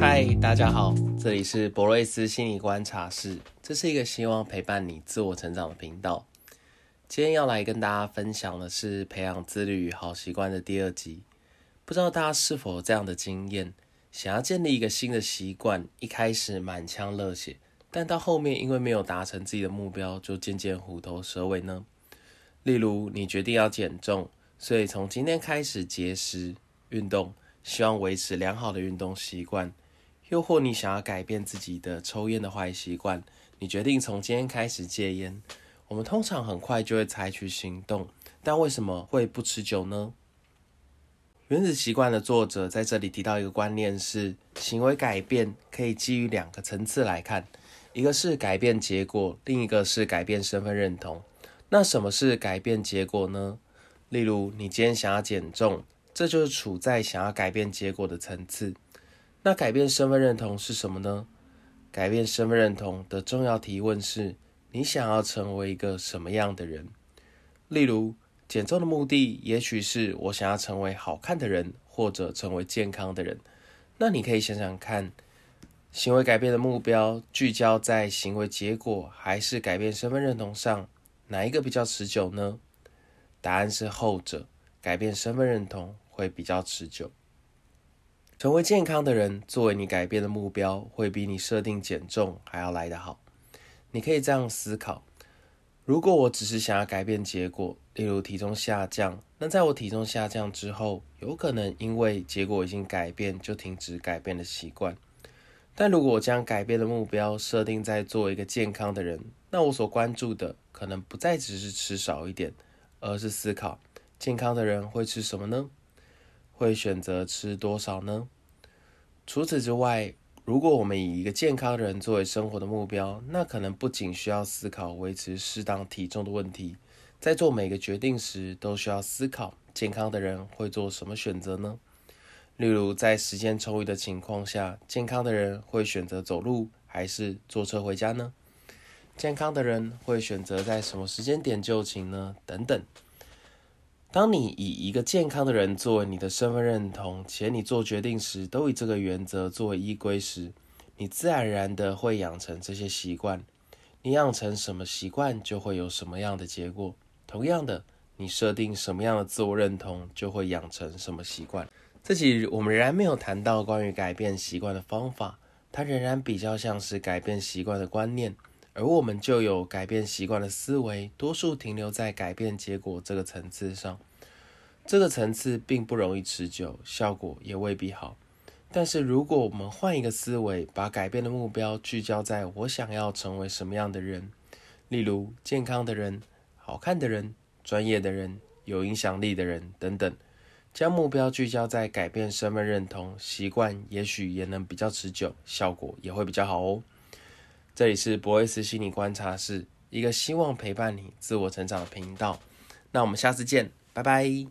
嗨，Hi, 大家好，這裡是博瑞斯心理觀察室，這是一個希望陪伴你自我成長的頻道。今天要來跟大家分享的是培養自律與好習慣的第二集。不知道大家是否有這樣的經驗：想要建立一個新的習慣，一開始滿腔熱血，但到後面因為沒有達成自己的目標，就漸漸虎頭蛇尾呢？例如，你決定要減重，所以從今天開始節食、運動，希望維持良好的運動習慣。又或你想要改變自己的抽菸的壞習慣，你決定從今天開始戒菸。我們通常很快就會採取行動，但為什麼會不持久呢？《原子習慣》的作者在這裡提到一個觀念是，行為改變可以基於兩個層次來看，一個是改變結果，另一個是改變身份認同。那什麼是改變結果呢？例如，你今天想要減重，這就是處在想要改變結果的層次。那改變身份認同是什麼呢？改變身份認同的重要提問是，你想要成為一個什麼樣的人？例如，減重的目的也許是我想要成為好看的人，或者成為健康的人。那你可以想想看，行為改變的目標聚焦在行為結果還是改變身份認同上，哪一個比較持久呢？答案是後者，改變身份認同會比較持久。成為健康的人，作為你改變的目標，會比你設定減重還要來得好。你可以這樣思考：如果我只是想要改變結果，例如體重下降，那在我體重下降之後，有可能因為結果已經改變，就停止改變的習慣。但如果我將改變的目標設定在做一個健康的人，那我所關注的可能不再只是吃少一點，而是思考：健康的人會吃什麼呢？會選擇吃多少呢？除此之外，如果我們以一個健康的人作為生活的目標，那可能不僅需要思考維持適當體重的問題，在做每個決定時都需要思考，健康的人會做什麼選擇呢？例如，在時間充裕的情況下，健康的人會選擇走路還是坐車回家呢？健康的人會選擇在什麼時間點就寢呢？等等。當你以一個健康的人作為你的身份認同，且你做決定時都以這個原則作為依歸時，你自然而然的會養成這些習慣。你養成什麼習慣，就會有什麼樣的結果。同樣的，你設定什麼樣的自我認同，就會養成什麼習慣。這集我們仍然沒有談到關於改變習慣的方法，它仍然比較像是改變習慣的觀念。而我們就有改變習慣的思維，多數停留在改變結果這個層次上，這個層次並不容易持久，效果也未必好。但是如果我們換一個思維，把改變的目標聚焦在我想要成為什麼樣的人，例如健康的人、好看的人、專業的人、有影響力的人等等，將目標聚焦在改變身份認同習慣，也許也能比較持久，效果也會比較好哦。這裡是博伊斯心理觀察室，一個希望陪伴你自我成長的頻道。那我們下次見，拜拜。